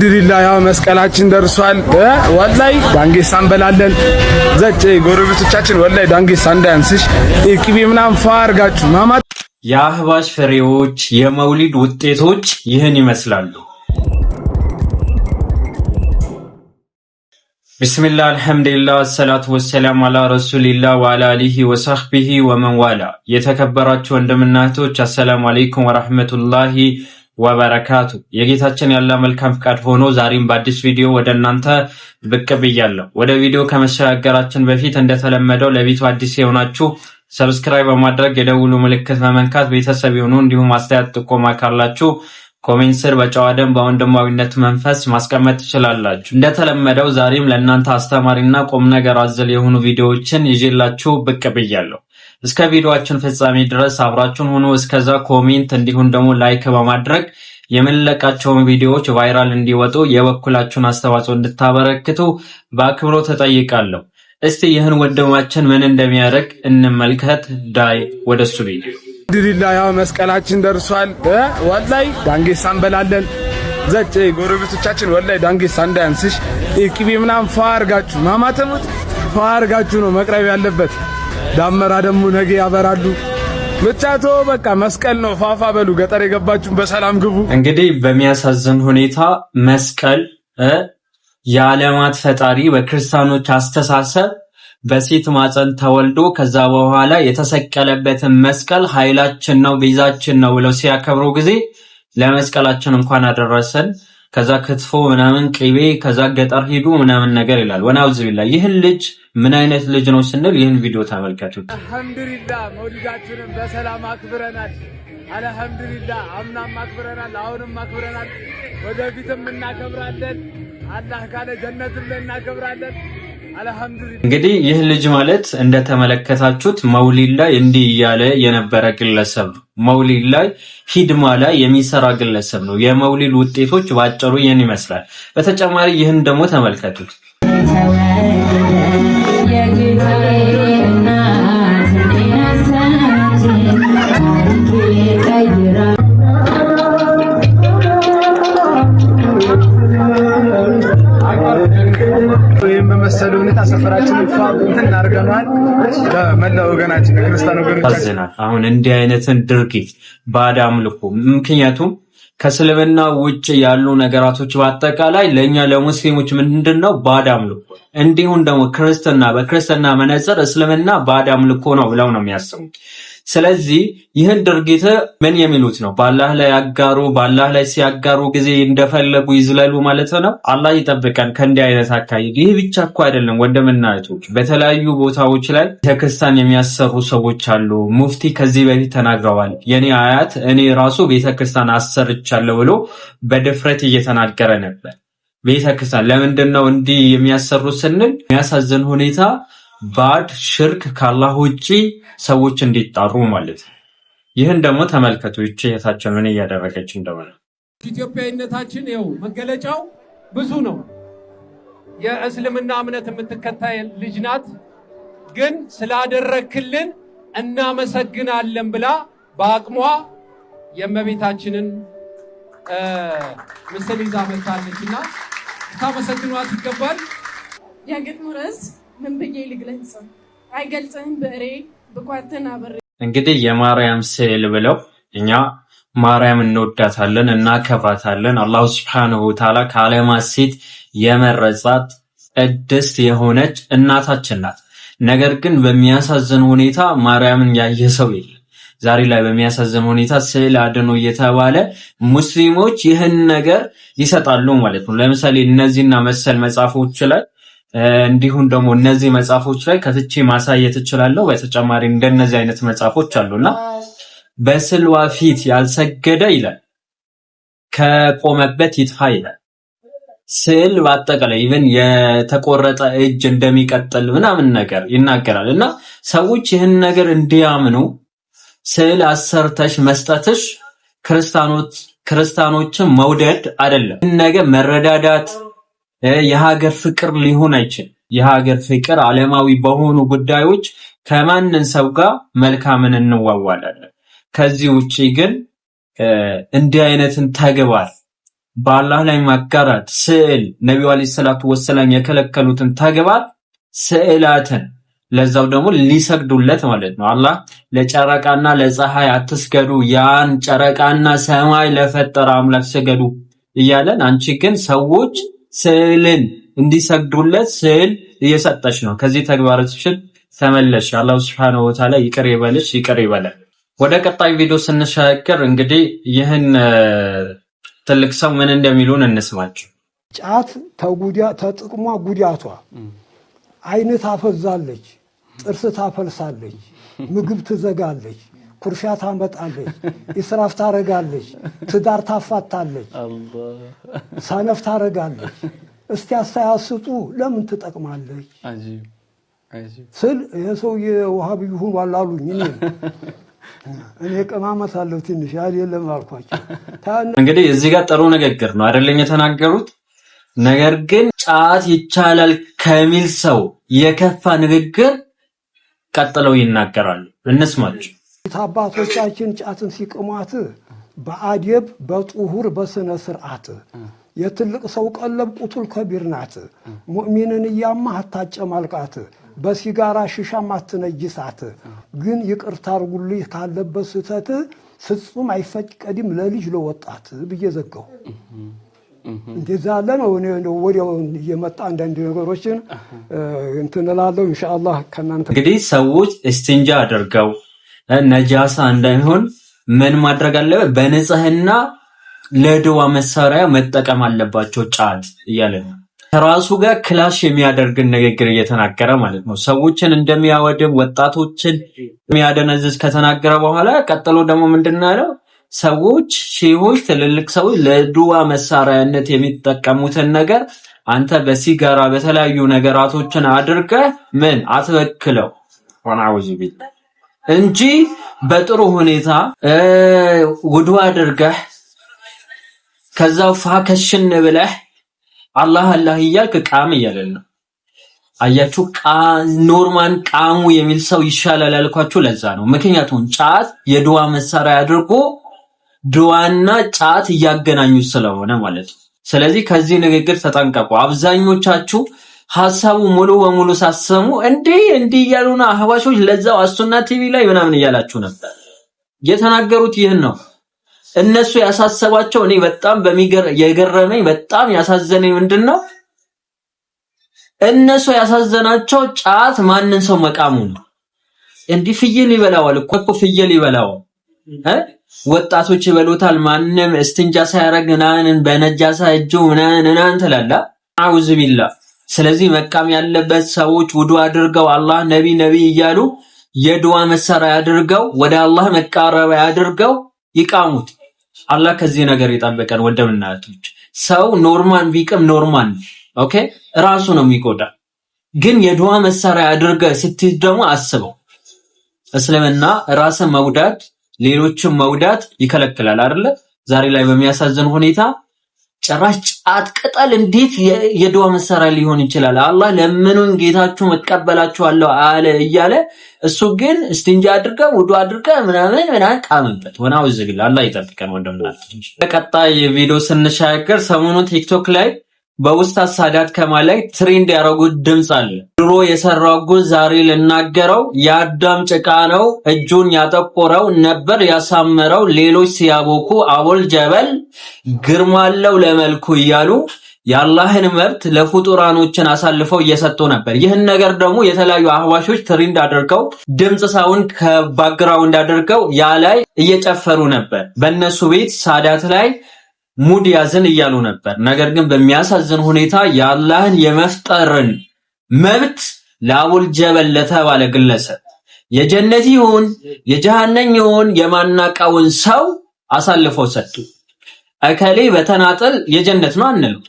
አልሐምዱሊላህ ያው መስቀላችን ደርሷል። ወላይ ዳንጌሳ እንበላለን። ዘጭ ጎረቤቶቻችን ወላይ ዳንጌሳ እንዳያንስሽ ቅቤ ምናምን ፋ ማማት። የአህባሽ ፍሬዎች የመውሊድ ውጤቶች ይህን ይመስላሉ። ቢስሚላህ አልሐምዱሊላህ ሰላቱ ወሰላም አላ ረሱሊላህ ወአላ አሊሂ ወሳህቢሂ ወመንዋላ የተከበራችሁ ወንድምና እህቶች አሰላሙ አለይኩም ወራህመቱላሂ ወበረካቱ የጌታችን ያለ መልካም ፍቃድ ሆኖ ዛሬም በአዲስ ቪዲዮ ወደ እናንተ ብቅ ብያለሁ። ወደ ቪዲዮ ከመሸጋገራችን በፊት እንደተለመደው ለቤቱ አዲስ የሆናችሁ ሰብስክራይብ በማድረግ የደውሉ ምልክት በመንካት ቤተሰብ የሆኑ እንዲሁም አስተያየት ጥቆማ ካላችሁ ኮሜንት ስር በጨዋ በወንድማዊነት መንፈስ ማስቀመጥ ትችላላችሁ። እንደተለመደው ዛሬም ለእናንተ አስተማሪና ቁም ነገር አዘል የሆኑ ቪዲዮዎችን ይዤላችሁ ብቅ ብያለሁ። እስከ ቪዲዮአችን ፍጻሜ ድረስ አብራችሁን ሁኑ። እስከዛ ኮሜንት እንዲሁም ደግሞ ላይክ በማድረግ የምንለቃቸውን ቪዲዮዎች ቫይራል እንዲወጡ የበኩላችሁን አስተዋጽኦ እንድታበረክቱ በአክብሮ ተጠይቃለሁ። እስቲ ይህን ወንድማችን ምን እንደሚያደርግ እንመልከት። ዳይ ወደሱ ቢ አልሐምዱሊላህ ያው መስቀላችን ደርሷል። ወላይ ዳንጌሳ እንበላለን። ዘጭ ጎረቤቶቻችን ወላይ ዳንጌሳ እንዳያንስሽ ቅቤ ምናምን ፏ ማማተሙት ፏ ነው መቅረብ ያለበት። ዳመራ ደግሞ ነገ ያበራሉ። ምቻቶ በቃ መስቀል ነው። ፋፋ በሉ ገጠር የገባችሁ በሰላም ግቡ። እንግዲህ በሚያሳዝን ሁኔታ መስቀል የዓለማት ፈጣሪ በክርስቲያኖች አስተሳሰብ በሴት ማፀን ተወልዶ ከዛ በኋላ የተሰቀለበትን መስቀል ኃይላችን ነው ቤዛችን ነው ብለው ሲያከብሩ ጊዜ ለመስቀላችን እንኳን አደረሰን። ከዛ ክትፎ ምናምን ቅቤ ከዛ ገጠር ሄዱ ምናምን ነገር ይላል። ወናውዝ ቢላ ይህን ልጅ ምን አይነት ልጅ ነው ስንል ይህን ቪዲዮ ተመልከቱት። አልሐምዱሊላ መውሊዳችንን በሰላም አክብረናል። አልሐምዱሊላ አምናም አክብረናል፣ አሁንም አክብረናል፣ ወደፊትም እናከብራለን። አላህ ካለ ጀነትም እናከብራለን። እንግዲህ ይህ ልጅ ማለት እንደተመለከታችሁት መውሊድ ላይ እንዲህ እያለ የነበረ ግለሰብ ነው። መውሊድ ላይ ሂድማ ላይ የሚሰራ ግለሰብ ነው። የመውሊድ ውጤቶች ባጭሩ ይህን ይመስላል። በተጨማሪ ይህን ደግሞ ተመልከቱት። በመሰለ ሁኔታ ሰፈራችን እንትን አድርገናል። በመላ ወገናችን ክርስቲያን ወገኖቻችን አሁን እንዲህ አይነትን ድርጊት ባዕድ አምልኮ ምክንያቱም ከእስልምና ውጭ ያሉ ነገራቶች በአጠቃላይ ለእኛ ለሙስሊሞች ምንድን ነው ባዕድ አምልኮ። እንዲሁም ደግሞ ክርስትና በክርስትና መነጽር እስልምና ባዕድ አምልኮ ነው ብለው ነው የሚያስቡት። ስለዚህ ይህን ድርጊት ምን የሚሉት ነው? በአላህ ላይ ያጋሩ። በአላህ ላይ ሲያጋሩ ጊዜ እንደፈለጉ ይዝለሉ ማለት ነው። አላህ ይጠብቀን ከእንዲህ አይነት አካሄድ። ይህ ብቻ እኮ አይደለም ወንድምና እህቶች፣ በተለያዩ ቦታዎች ላይ ቤተክርስቲያን የሚያሰሩ ሰዎች አሉ። ሙፍቲ ከዚህ በፊት ተናግረዋል። የኔ አያት እኔ ራሱ ቤተክርስቲያን አሰርቻለሁ ብሎ በድፍረት እየተናገረ ነበር። ቤተክርስቲያን ለምንድን ነው እንዲህ የሚያሰሩት ስንል የሚያሳዝን ሁኔታ ባድ ሽርክ ካላሁ ውጪ ሰዎች እንዲጣሩ ማለት ይህን ደግሞ ተመልከቱ። ይቺ እህታችን ምን እያደረገች እንደሆነ። ኢትዮጵያዊነታችን ይኸው መገለጫው ብዙ ነው። የእስልምና እምነት የምትከታይ ልጅ ናት፣ ግን ስላደረክልን እናመሰግናለን ብላ በአቅሟ የእመቤታችንን ምስል ይዛ መታለች እና ታመሰግኗት ይገባል። የግጥሙ ርዕስ ምን ብዬ ልግለጽ? አይገልጽህም ብዕሬ ብኳትን አብሬ። እንግዲህ የማርያም ስዕል ብለው እኛ ማርያም እንወዳታለን፣ እናከባታለን። አላሁ ስብሓንሁ ተዓላ ከዓለማት ሴት የመረጻት ቅድስት የሆነች እናታችን ናት። ነገር ግን በሚያሳዝን ሁኔታ ማርያምን ያየ ሰው የለም። ዛሬ ላይ በሚያሳዝን ሁኔታ ስዕል አድኖ እየተባለ ሙስሊሞች ይህን ነገር ይሰጣሉ ማለት ነው። ለምሳሌ እነዚህና መሰል መጽሐፎች ላይ እንዲሁም ደግሞ እነዚህ መጽሐፎች ላይ ከትቼ ማሳየት እችላለሁ። በተጨማሪ እንደነዚህ አይነት መጽሐፎች አሉና በስልዋ ፊት ያልሰገደ ይላል ከቆመበት ይጥፋ ይላል። ስዕል በአጠቃላይ ኢቨን የተቆረጠ እጅ እንደሚቀጥል ምናምን ነገር ይናገራል እና ሰዎች ይህን ነገር እንዲያምኑ ስዕል አሰርተሽ መስጠትሽ ክርስቲያኖችን መውደድ አይደለም። ይህን ነገር መረዳዳት የሀገር ፍቅር ሊሆን አይችልም። የሀገር ፍቅር ዓለማዊ በሆኑ ጉዳዮች ከማንን ሰው ጋር መልካምን እንዋዋላለን። ከዚህ ውጭ ግን እንዲህ አይነትን ተግባር በአላህ ላይ ማጋራት ስዕል ነቢዩ ዓለይሂ ሰላቱ ወሰላም የከለከሉትን ተግባር ስዕላትን ለዛው ደግሞ ሊሰግዱለት ማለት ነው። አላህ ለጨረቃና ለፀሐይ አትስገዱ፣ ያን ጨረቃና ሰማይ ለፈጠረ አምላክ ስገዱ እያለን አንቺ ግን ሰዎች ስዕልን እንዲሰግዱለት ስዕል እየሰጠች ነው። ከዚህ ተግባራችን ተመለሽ። አላሁ ስብሐነሁ ወተዓላ ይቅር ይበልሽ፣ ይቅር ይበለ። ወደ ቀጣይ ቪዲዮ ስንሻገር እንግዲህ ይህን ትልቅ ሰው ምን እንደሚሉን እንስማቸው። ጫት ተጥቅሟ ጉዳቷ አይን ታፈዛለች፣ ጥርስ ታፈልሳለች፣ ምግብ ትዘጋለች ኩርሻ ታመጣለች፣ ኢስራፍ ታረጋለች፣ ትዳር ታፋታለች፣ ሰነፍ ታረጋለች። እስቲ አስተያስጡ ለምን ትጠቅማለች ስል ይህ ሰውዬ ውሃብ ይሁን አላሉኝ። እኔ ቅማመት አለሁ ትንሽ ያህል የለም አልኳቸው። እንግዲህ እዚህ ጋር ጥሩ ንግግር ነው አይደለኝ የተናገሩት። ነገር ግን ጫት ይቻላል ከሚል ሰው የከፋ ንግግር ቀጥለው ይናገራሉ። እንስማቸው። አባቶቻችን ጫትን ሲቅሟት በአዴብ በጥሁር በሥነ ሥርዓት የትልቅ ሰው ቀለብ ቁቱል ከቢር ናት። ሙእሚንን እያማ አታጨማልቃት፣ በሲጋራ ሽሻም አትነጅሳት። ግን ይቅርታ አርጉልኝ ካለበት ስህተት ፍጹም አይፈቀድም ለልጅ ለወጣት ብዬ ዘጋሁ። እንደዛ ያለ ነው። ወዲያው እየመጣ አንዳንድ ነገሮችን እንትን እላለሁ። ኢንሻአላህ ከእናንተ እንግዲህ ሰዎች እስትንጃ አድርገው ነጃሳ እንዳይሆን ምን ማድረግ አለበት? በንጽህና ለድዋ መሳሪያ መጠቀም አለባቸው ጫት እያለ ነው። ከራሱ ጋር ክላሽ የሚያደርግን ንግግር እየተናገረ ማለት ነው። ሰዎችን እንደሚያወድም ወጣቶችን የሚያደነዝዝ ከተናገረ በኋላ ቀጥሎ ደግሞ ምንድን ያለው? ሰዎች ሺዎች ትልልቅ ሰዎች ለድዋ መሳሪያነት የሚጠቀሙትን ነገር አንተ በሲጋራ በተለያዩ ነገራቶችን አድርገህ ምን አትበክለው ሆነ እንጂ በጥሩ ሁኔታ ውዱ አድርገህ ከዛው ፋከሽን ብለህ አላህ አላህ እያልክ ቃም እያለን ነው። አያችሁ፣ ኖርማን ቃሙ የሚል ሰው ይሻላል ያልኳችሁ ለዛ ነው። ምክንያቱም ጫት የድዋ መሳሪያ አድርጎ ድዋና ጫት እያገናኙ ስለሆነ ማለት ነው። ስለዚህ ከዚህ ንግግር ተጠንቀቁ አብዛኞቻችሁ ሀሳቡ ሙሉ በሙሉ ሳሰሙ እንዲህ እንዲህ እያሉና አህባሾች ለዛው አሱና ቲቪ ላይ ምናምን እያላችሁ ነበር የተናገሩት። ይህን ነው እነሱ ያሳሰባቸው። እኔ በጣም የገረመኝ በጣም ያሳዘነኝ ምንድን ነው እነሱ ያሳዘናቸው ጫት ማንን ሰው መቃሙ ነው። እንዲህ ፍየል ይበላዋል እኮ እኮ ፍየል ይበላዋል ወጣቶች ይበሉታል። ማንም እስትንጃ ሳያረግ ናንን በነጃሳ እጁ ናንን ናን ትላላ አውዝ ስለዚህ መቃም ያለበት ሰዎች ውዱ አድርገው አላህ ነቢ ነቢ እያሉ የድዋ መሳሪያ አድርገው ወደ አላህ መቃረቢያ አድርገው ይቃሙት። አላህ ከዚህ ነገር የጠበቀን ወንድምና ሰው ኖርማል ቢቅም ኖርማል ኦኬ፣ ራሱ ነው የሚጎዳ። ግን የድዋ መሳሪያ አድርገ ስትይ ደግሞ አስበው፣ እስልምና ራስን መውዳት ሌሎችን መውዳት ይከለክላል አይደለ? ዛሬ ላይ በሚያሳዝን ሁኔታ ጭራሽ ጫት ቅጠል እንዴት የድዋ መሳሪያ ሊሆን ይችላል? አላህ ለምኑን ጌታችሁ መቀበላችኋለሁ አለ እያለ እሱ ግን እስቲንጃ አድርገ ውዱ አድርገ ምናምን ምናምን ቃመበት። ወናው ዝግል አላህ ይጠብቀን። ወንድምና በቀጣይ ቪዲዮ ስንሻገር ሰሞኑን ቲክቶክ ላይ በውስጥ አሳዳት ከማ ላይ ትሬንድ ያደረጉት ድምፅ አለ። ድሮ የሰራው ጉድ ዛሬ ልናገረው፣ የአዳም ጭቃ ነው እጁን ያጠቆረው፣ ነበር ያሳመረው ሌሎች ሲያቦኩ አቦል ጀበል፣ ግርማለው ለመልኩ እያሉ የአላህን መብት ለፍጡራኖችን አሳልፈው እየሰጡ ነበር። ይህን ነገር ደግሞ የተለያዩ አህባሾች ትሪንድ አድርገው ድምፅ ሳውን ከባግራውንድ አድርገው ያ ላይ እየጨፈሩ ነበር። በእነሱ ቤት ሳዳት ላይ ሙድ ያዝን እያሉ ነበር። ነገር ግን በሚያሳዝን ሁኔታ የአላህን የመፍጠርን መብት ለአቡል ጀበል ለተባለ ግለሰብ የጀነት ይሁን የጀሃነም ይሁን የማናቀውን ሰው አሳልፈው ሰጡ። እከሌ በተናጠል የጀነት ነው አንልም።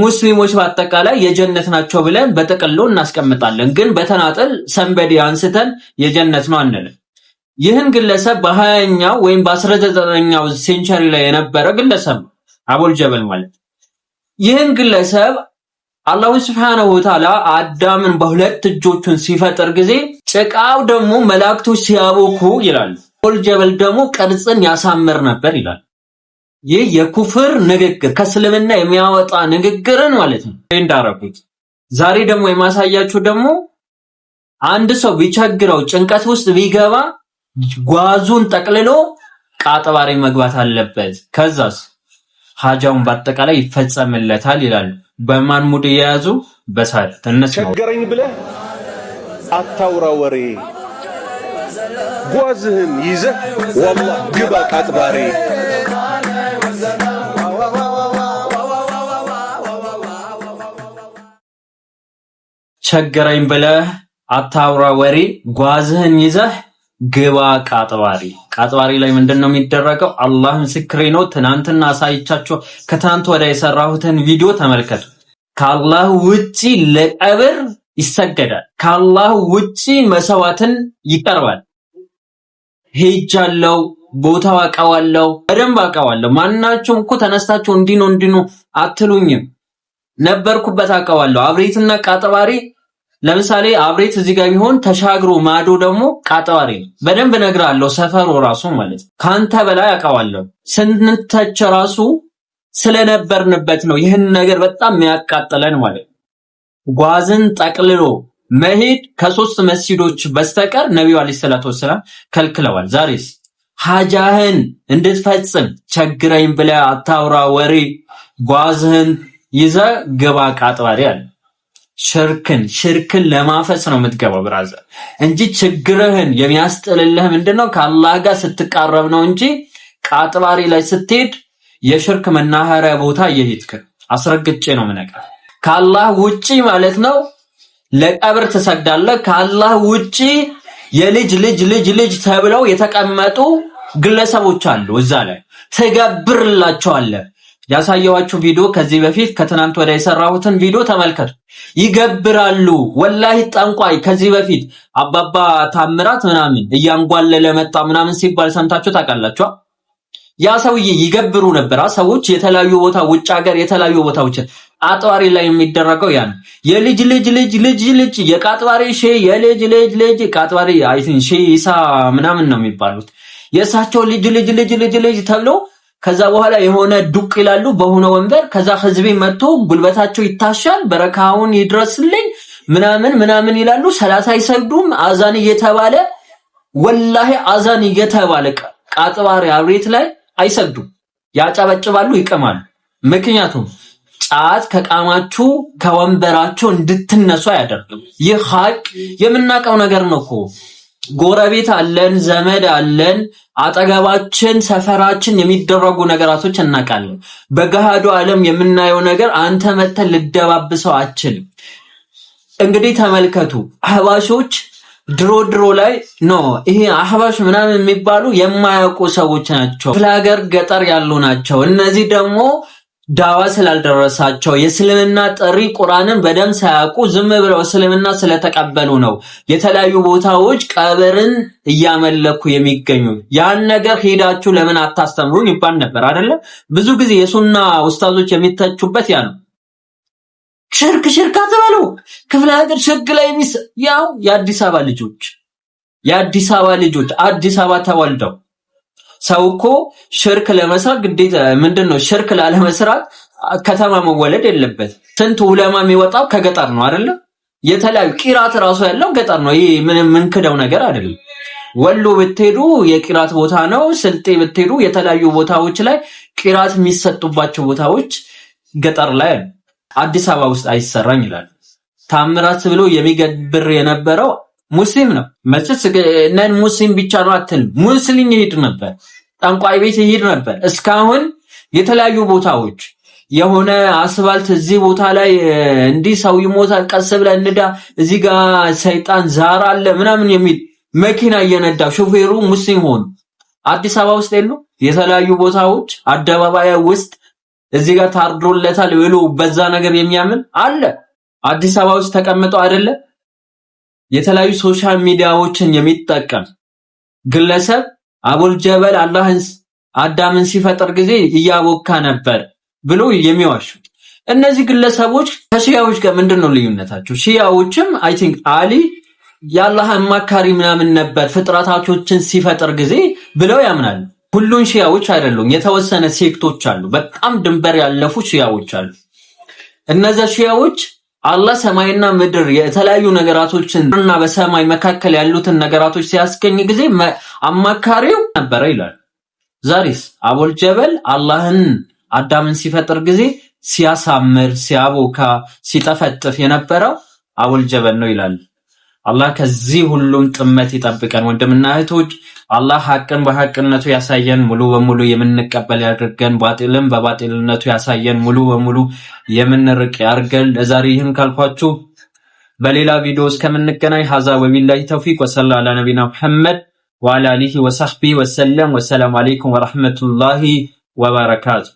ሙስሊሞች በአጠቃላይ የጀነት ናቸው ብለን በጥቅሉ እናስቀምጣለን። ግን በተናጠል ሰንበዴ አንስተን የጀነት ነው አንልም። ይህን ግለሰብ በሀያኛው ወይም በአስራ ዘጠነኛው ሴንቸሪ ላይ የነበረ ግለሰብ ነው። አቡል ጀበል ማለት ይህን ግለሰብ አላሁ ስብሓነሁ ወተዓላ አዳምን በሁለት እጆቹን ሲፈጥር ጊዜ ጭቃው ደግሞ መላእክቶች ሲያቦኩ ይላሉ። አቡል ጀበል ደግሞ ቅርጽን ያሳምር ነበር ይላል። ይህ የኩፍር ንግግር ከእስልምና የሚያወጣ ንግግርን ማለት ነው እንዳረጉት። ዛሬ ደግሞ የማሳያችሁ ደግሞ አንድ ሰው ቢቸግረው ጭንቀት ውስጥ ቢገባ ጓዙን ጠቅልሎ ቃጠባሪ መግባት አለበት። ከዛስ ሀጃውን በአጠቃላይ ይፈጸምለታል ይላሉ። በማን ሙድ የያዙ በሳል ተነስ ቸገረኝ ብለህ አታውራ ወሬ ጓዝህን ይዘህ ወላሂ ግባ ቃጥባሬ። ቸገረኝ ብለህ አታውራ ወሬ ጓዝህን ይዘህ ግባ ቃጥባሪ ቃጥባሪ ላይ ምንድን ነው የሚደረገው? አላህ ምስክሬ ነው። ትናንትና አሳይቻቸው ከትናንት ወዲያ የሰራሁትን ቪዲዮ ተመልከቱ። ከአላህ ውጪ ለቀብር ይሰገዳል። ከአላህ ውጪ መሰዋትን ይቀርባል። ሄጃለው፣ ቦታው አቀዋለው በደንብ አውቀዋለሁ። ማናቸው እኮ ተነስታቸው እንዲኖ እንዲኖ አትሉኝም። ነበርኩበት አውቀዋለሁ። አብሬትና ቃጥባሪ ለምሳሌ አብሬት እዚህ ጋር ቢሆን ተሻግሮ ማዶ ደግሞ ቃጠዋሪ በደንብ እነግርሃለሁ። ሰፈሩ ራሱ ማለት ከአንተ በላይ አውቀዋለሁ። ስንተች ራሱ ስለነበርንበት ነው ይህን ነገር በጣም የሚያቃጥለን ማለት ጓዝን ጠቅልሎ መሄድ ከሶስት መስጊዶች በስተቀር ነቢዩ አለይሂ ሰላቱ ወሰላም ከልክለዋል። ዛሬስ ሐጃህን እንድትፈጽም ቸግረኝ ብለህ አታውራ ወሬ ጓዝህን ይዘህ ግባ ቃጥባሪ አለ። ሽርክን ሽርክን ለማፈስ ነው የምትገባው ብራዘር እንጂ ችግርህን የሚያስጥልልህ ምንድን ነው? ከአላህ ጋር ስትቃረብ ነው እንጂ ቃጥባሪ ላይ ስትሄድ የሽርክ መናኸሪያ ቦታ እየሄድክ አስረግጬ ነው የምነግርህ። ከአላህ ውጪ ማለት ነው ለቀብር ትሰግዳለህ። ከአላህ ውጪ የልጅ ልጅ ልጅ ልጅ ተብለው የተቀመጡ ግለሰቦች አሉ። እዛ ላይ ትገብርላቸዋለህ። ያሳየዋችሁ ቪዲዮ ከዚህ በፊት ከትናንት ወደ የሰራሁትን ቪዲዮ ተመልከቱ። ይገብራሉ። ወላሂ ጠንቋይ ከዚህ በፊት አባባ ታምራት ምናምን እያንጓለለ መጣ ምናምን ሲባል ሰምታችሁ ታውቃላችሁ። ያ ሰውዬ ይገብሩ ነበር። ሰዎች የተለያዩ ቦታ ውጭ ሀገር የተለያዩ ቦታዎች አጥባሪ ላይ የሚደረገው ያ ነው። የልጅ ልጅ ልጅ ልጅ ልጅ የቃጥባሪ ሼ የልጅ ልጅ ልጅ ቃጥባሪ አይ ቲንክ ሼ ኢሳ ምናምን ነው የሚባሉት የእሳቸው ልጅ ልጅ ልጅ ልጅ ልጅ ተብለው ከዛ በኋላ የሆነ ዱቅ ይላሉ በሆነ ወንበር። ከዛ ህዝቤ መጥቶ ጉልበታቸው ይታሻል፣ በረካውን ይድረስልኝ ምናምን ምናምን ይላሉ። ሰላት አይሰግዱም። አዛን እየተባለ ወላሂ አዛን እየተባለ ቃጥባሪ አብሬት ላይ አይሰግዱም። ያጨበጭባሉ፣ ይቅማሉ። ምክንያቱም ጫት ከቃማችሁ ከወንበራችሁ እንድትነሱ አያደርግም። ይህ ሀቅ የምናውቀው ነገር ነው እኮ ጎረቤት አለን ዘመድ አለን አጠገባችን ሰፈራችን የሚደረጉ ነገራቶች እናውቃለን። በገሃዱ ዓለም የምናየው ነገር አንተ መተን ልደባብሰው አችልም። እንግዲህ ተመልከቱ አህባሾች ድሮ ድሮ ላይ ኖ ይሄ አህባሽ ምናምን የሚባሉ የማያውቁ ሰዎች ናቸው። ክፍለ ሀገር ገጠር ያሉ ናቸው። እነዚህ ደግሞ ዳዋ ስላልደረሳቸው የእስልምና ጥሪ ቁርአንን በደም ሳያውቁ ዝም ብለው እስልምና ስለተቀበሉ ነው የተለያዩ ቦታዎች ቀብርን እያመለኩ የሚገኙ። ያን ነገር ሄዳችሁ ለምን አታስተምሩን ይባል ነበር አይደለ? ብዙ ጊዜ የሱና ውስታዞች የሚተቹበት ያ ነው። ሽርክ ሽርክ አትበሉ፣ ክፍለ ሀገር ሽርክ ላይ ያው የአዲስ አበባ ልጆች የአዲስ አበባ ልጆች አዲስ አበባ ተወልደው ሰው እኮ ሽርክ ለመስራት ግዴታ ምንድን ነው? ሽርክ ላለመስራት ከተማ መወለድ የለበት። ስንት ዑለማ የሚወጣው ከገጠር ነው አይደለም የተለያዩ ቂራት እራሱ ያለው ገጠር ነው። ይህ ምንክደው ነገር አይደለም። ወሎ ብትሄዱ የቂራት ቦታ ነው። ስልጤ ብትሄዱ የተለያዩ ቦታዎች ላይ ቂራት የሚሰጡባቸው ቦታዎች ገጠር ላይ አዲስ አበባ ውስጥ አይሰራም ይላል። ታምራት ብሎ የሚገብር የነበረው ሙስሊም ነው መቼስ ነን ሙስሊም ብቻ ነው አትልም። ሙስሊም ይሄድ ነበር፣ ጠንቋይ ቤት ይሄድ ነበር። እስካሁን የተለያዩ ቦታዎች የሆነ አስፋልት እዚህ ቦታ ላይ እንዲህ ሰው ይሞታል፣ ቀስ ብለህ እንዳ፣ እዚህ ጋር ሰይጣን ዛር አለ ምናምን የሚል መኪና እየነዳ ሾፌሩ ሙስሊም ሆኑ። አዲስ አበባ ውስጥ የሉ የተለያዩ ቦታዎች አደባባይ ውስጥ እዚህ ጋር ታርዶለታል ብሎ በዛ ነገር የሚያምን አለ። አዲስ አበባ ውስጥ ተቀምጠው አይደለም የተለያዩ ሶሻል ሚዲያዎችን የሚጠቀም ግለሰብ አቡል ጀበል አላህን አዳምን ሲፈጥር ጊዜ እያቦካ ነበር ብሎ የሚዋሹት እነዚህ ግለሰቦች ከሺያዎች ጋር ምንድን ነው ልዩነታቸው? ሺያዎችም አይ ቲንክ አሊ የአላህ አማካሪ ምናምን ነበር ፍጥረታቾችን ሲፈጥር ጊዜ ብለው ያምናሉ። ሁሉን ሺያዎች አይደሉም። የተወሰነ ሴክቶች አሉ፣ በጣም ድንበር ያለፉ ሺያዎች አሉ። እነዚያ ሺያዎች አላህ ሰማይና ምድር የተለያዩ ነገራቶችን እና በሰማይ መካከል ያሉትን ነገራቶች ሲያስገኝ ጊዜ አማካሪው ነበረ ይላል። ዛሬስ አቦል ጀበል አላህን አዳምን ሲፈጥር ጊዜ ሲያሳምር፣ ሲያቦካ፣ ሲጠፈጥፍ የነበረው አቦል ጀበል ነው ይላል። አላህ ከዚህ ሁሉም ጥመት ይጠብቀን። ወንድምና እህቶች አላህ ሐቅን በሐቅነቱ ያሳየን፣ ሙሉ በሙሉ የምንቀበል ያድርገን። ባጢልን በባጢልነቱ ያሳየን፣ ሙሉ በሙሉ የምንርቅ ያርገን ለዛሬ ይህን ካልኳችሁ በሌላ ቪዲዮ እስከምንገናኝ ሀዛ ወቢላሂ ተውፊቅ ወሰላ አላ ነቢና ሙሐመድ ወአላ አሊሂ ወሰህቢ ወሰለም። ወሰላሙ አለይኩም ወረሕመቱላሂ ወበረካቱ